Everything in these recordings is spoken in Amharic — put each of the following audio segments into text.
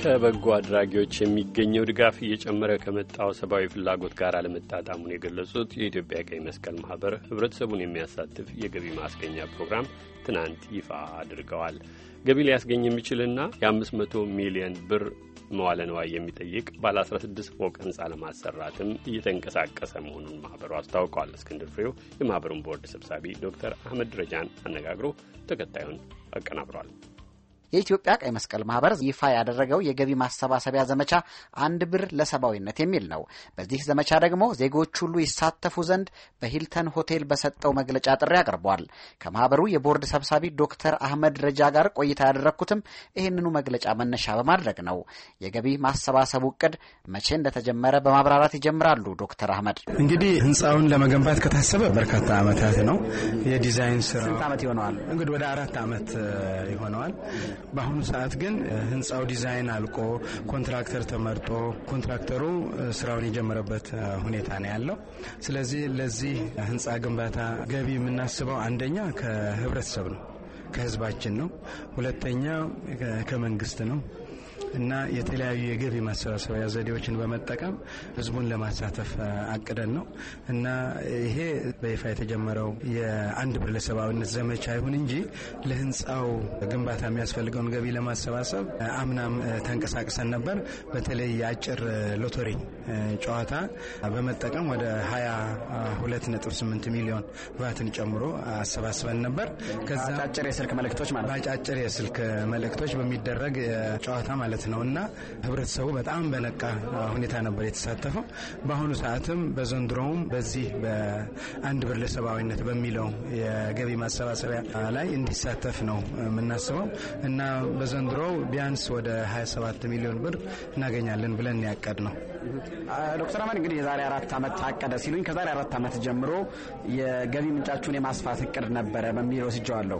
ከበጎ አድራጊዎች የሚገኘው ድጋፍ እየጨመረ ከመጣው ሰብአዊ ፍላጎት ጋር አለመጣጣሙን የገለጹት የኢትዮጵያ ቀይ መስቀል ማህበር ህብረተሰቡን የሚያሳትፍ የገቢ ማስገኛ ፕሮግራም ትናንት ይፋ አድርገዋል። ገቢ ሊያስገኝ የሚችልና የ500 ሚሊዮን ብር መዋለ ንዋይ የሚጠይቅ ባለ 16 ፎቅ ህንፃ ለማሰራትም እየተንቀሳቀሰ መሆኑን ማህበሩ አስታውቋል። እስክንድር ፍሬው ቦርድ ሰብሳቢ ዶክተር አህመድ ረጃን አነጋግሮ ተከታዩን አቀናብሯል። የኢትዮጵያ ቀይ መስቀል ማህበር ይፋ ያደረገው የገቢ ማሰባሰቢያ ዘመቻ አንድ ብር ለሰብአዊነት የሚል ነው። በዚህ ዘመቻ ደግሞ ዜጎች ሁሉ ይሳተፉ ዘንድ በሂልተን ሆቴል በሰጠው መግለጫ ጥሪ አቅርቧል። ከማህበሩ የቦርድ ሰብሳቢ ዶክተር አህመድ ረጃ ጋር ቆይታ ያደረግኩትም ይህንኑ መግለጫ መነሻ በማድረግ ነው። የገቢ ማሰባሰቡ እቅድ መቼ እንደተጀመረ በማብራራት ይጀምራሉ ዶክተር አህመድ። እንግዲህ ህንፃውን ለመገንባት ከታሰበ በርካታ ዓመታት ነው። የዲዛይን ስራ ስንት ዓመት ይሆነዋል? እንግዲህ ወደ አራት ዓመት ይሆነዋል። በአሁኑ ሰዓት ግን ህንፃው ዲዛይን አልቆ ኮንትራክተር ተመርጦ ኮንትራክተሩ ስራውን የጀመረበት ሁኔታ ነው ያለው። ስለዚህ ለዚህ ህንፃ ግንባታ ገቢ የምናስበው አንደኛ ከህብረተሰብ ነው፣ ከህዝባችን ነው። ሁለተኛ ከመንግስት ነው። እና የተለያዩ የገቢ ማሰባሰቢያ ዘዴዎችን በመጠቀም ህዝቡን ለማሳተፍ አቅደን ነው እና ይሄ በይፋ የተጀመረው የአንድ ብር ለሰብአዊነት ዘመቻ ይሁን እንጂ ለህንፃው ግንባታ የሚያስፈልገውን ገቢ ለማሰባሰብ አምናም ተንቀሳቅሰን ነበር። በተለይ የአጭር ሎተሪ ጨዋታ በመጠቀም ወደ 22.8 ሚሊዮን ቫትን ጨምሮ አሰባስበን ነበር። ከዛ በአጫጭር የስልክ መልእክቶች በሚደረግ ጨዋታ ማለት ማለት ነው እና ህብረተሰቡ በጣም በነቃ ሁኔታ ነበር የተሳተፈው። በአሁኑ ሰዓትም በዘንድሮውም በዚህ በአንድ ብር ለሰብአዊነት በሚለው የገቢ ማሰባሰቢያ ላይ እንዲሳተፍ ነው የምናስበው እና በዘንድሮው ቢያንስ ወደ 27 ሚሊዮን ብር እናገኛለን ብለን ያቀድ ነው። ዶክተር አህመድ እንግዲህ የዛሬ አራት ዓመት ታቀደ ሲሉኝ ከዛሬ አራት ዓመት ጀምሮ የገቢ ምንጫችሁን የማስፋት እቅድ ነበረ በሚለው ስጀዋለሁ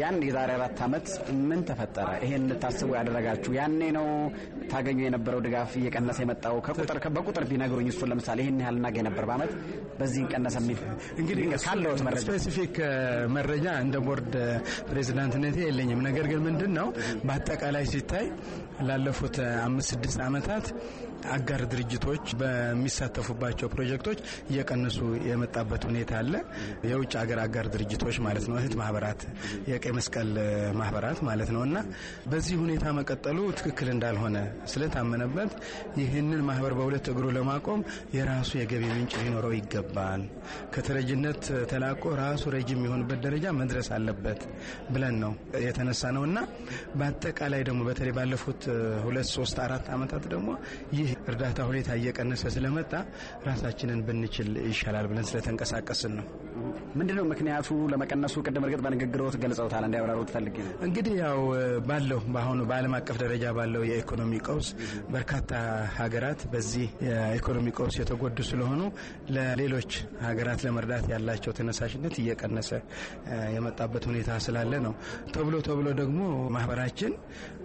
ያን የዛሬ አራት ዓመት ምን ተፈጠረ? ይሄን እንድታስቡ ያደረጋችሁ ያኔ ነው ታገኙ የነበረው ድጋፍ እየቀነሰ የመጣው? ከቁጥር በቁጥር ቢነግሩኝ እሱን ለምሳሌ ይህን ያህል እናገኝ ነበር በአመት በዚህ ቀነሰ የሚል እንግዲህ ካለዎት መረጃ ስፔሲፊክ መረጃ እንደ ቦርድ ፕሬዚዳንትነቴ የለኝም። ነገር ግን ምንድን ነው በአጠቃላይ ሲታይ ላለፉት አምስት ስድስት አመታት አጋር ድርጅቶች በሚሳተፉባቸው ፕሮጀክቶች እየቀነሱ የመጣበት ሁኔታ አለ። የውጭ ሀገር አጋር ድርጅቶች ማለት ነው፣ እህት ማህበራት፣ የቀይ መስቀል ማህበራት ማለት ነው እና በዚህ ሁኔታ መቀጠሉ ትክክል እንዳልሆነ ስለታመነበት ይህንን ማህበር በሁለት እግሩ ለማቆም የራሱ የገቢ ምንጭ ሊኖረው ይገባል። ከተረጅነት ተላቆ ራሱ ረጅም የሚሆንበት ደረጃ መድረስ አለበት ብለን ነው የተነሳ ነው እና በአጠቃላይ ደግሞ በተለይ ባለፉት ሁለት ሶስት አራት ዓመታት ደግሞ ይህ እርዳታ ሁኔታ እየቀነሰ ስለመጣ ራሳችንን ብንችል ይሻላል ብለን ስለተንቀሳቀስን ነው። ነው ምክንያቱ ለመቀነሱ? ቅድም እርግጥ በንግግሮት ገልጸውታል፣ እንዲያብራሩት ትፈልግ። እንግዲህ ያው ባለው በአሁኑ በዓለም አቀፍ ደረጃ ባለው የኢኮኖሚ ቀውስ በርካታ ሀገራት በዚህ የኢኮኖሚ ቀውስ የተጎዱ ስለሆኑ ለሌሎች ሀገራት ለመርዳት ያላቸው ተነሳሽነት እየቀነሰ የመጣበት ሁኔታ ስላለ ነው። ተብሎ ተብሎ ደግሞ ማህበራችን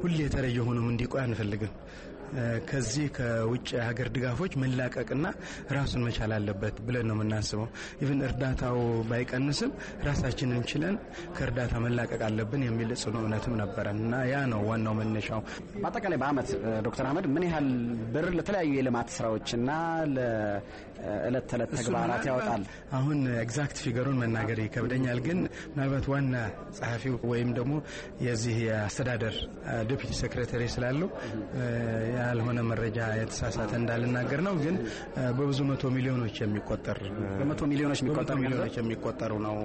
ሁሌ ተረጅ ሆኖም እንዲቆይ አንፈልግም። ከዚህ ከውጭ ሀገር ድጋፎች መላቀቅና ራሱን መቻል አለበት ብለን ነው የምናስበው። ኢቭን እርዳታው ባይቀንስም ራሳችንን ችለን ከእርዳታ መላቀቅ አለብን የሚል ጽኑ እምነትም ነበረን እና ያ ነው ዋናው መነሻው። በአጠቃላይ በአመት ዶክተር አህመድ ምን ያህል ብር ለተለያዩ የልማት ስራዎችና ለእለት ተዕለት ተግባራት ያወጣል? አሁን ኤግዛክት ፊገሩን መናገር ይከብደኛል፣ ግን ምናልባት ዋና ጸሐፊው ወይም ደግሞ የዚህ የአስተዳደር ዴፒቲ ሴክሬታሪ ስላለው ያልሆነ መረጃ የተሳሳተ እንዳልናገር ነው። ግን በብዙ መቶ ሚሊዮኖች የሚቆጠር በመቶ ሚሊዮኖች የሚቆጠር ሚሊዮኖች የሚቆጠሩ ነው።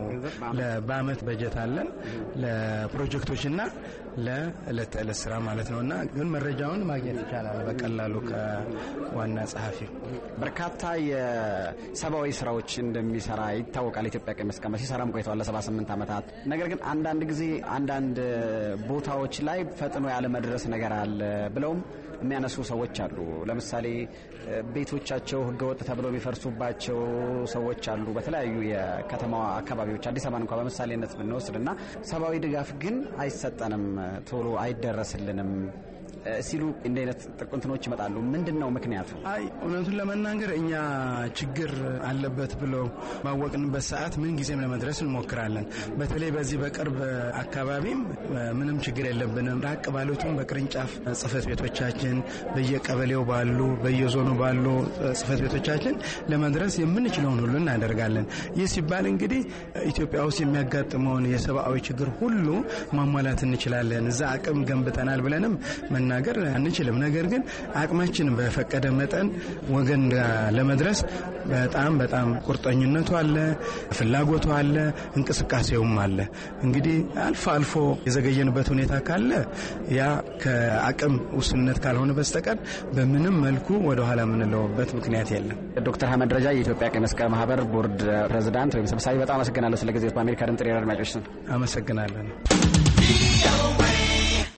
በአመት በጀት አለን ለፕሮጀክቶችና ለእለት ተእለት ስራ ማለት ነው። እና ግን መረጃውን ማግኘት ይቻላል በቀላሉ ከዋና ጸሐፊ። በርካታ የሰብአዊ ስራዎች እንደሚሰራ ይታወቃል። ኢትዮጵያ ቀይ መስቀል ሲሰራም ቆይተዋል ለሰባ ስምንት ዓመታት። ነገር ግን አንዳንድ ጊዜ አንዳንድ ቦታዎች ላይ ፈጥኖ ያለመድረስ ነገር አለ ብለውም የሚያነሱ ሰዎች አሉ። ለምሳሌ ቤቶቻቸው ህገወጥ ተብሎ የሚፈርሱባቸው ሰዎች አሉ። በተለያዩ የከተማዋ አካባቢዎች አዲስ አበባ እንኳ በምሳሌነት ብንወስድ እና ሰብአዊ ድጋፍ ግን አይሰጠንም፣ ቶሎ አይደረስልንም ሲሉ እንደ አይነት ጥቁንትኖች ይመጣሉ። ምንድን ነው ምክንያቱ? አይ እውነቱን ለመናገር እኛ ችግር አለበት ብሎ ባወቅንበት ሰዓት ምን ጊዜም ለመድረስ እንሞክራለን። በተለይ በዚህ በቅርብ አካባቢም ምንም ችግር የለብንም። ራቅ ባሉትም በቅርንጫፍ ጽህፈት ቤቶቻችን በየቀበሌው ባሉ በየዞኑ ባሉ ጽህፈት ቤቶቻችን ለመድረስ የምንችለውን ሁሉ እናደርጋለን። ይህ ሲባል እንግዲህ ኢትዮጵያ ውስጥ የሚያጋጥመውን የሰብአዊ ችግር ሁሉ ማሟላት እንችላለን፣ እዛ አቅም ገንብተናል ብለንም መና መናገር አንችልም። ነገር ግን አቅማችንን በፈቀደ መጠን ወገን ለመድረስ በጣም በጣም ቁርጠኝነቱ አለ፣ ፍላጎቱ አለ፣ እንቅስቃሴውም አለ። እንግዲህ አልፎ አልፎ የዘገየንበት ሁኔታ ካለ ያ ከአቅም ውስንነት ካልሆነ በስተቀር በምንም መልኩ ወደኋላ የምንለውበት ምክንያት የለም። ዶክተር ሀመድ ረጃ የኢትዮጵያ ቀይ መስቀል ማህበር ቦርድ ፕሬዚዳንት ወይም ሰብሳቢ፣ በጣም አመሰግናለሁ ስለ ጊዜ። በአሜሪካ ድምጽ ሬዲዮ አድማጮች አመሰግናለን።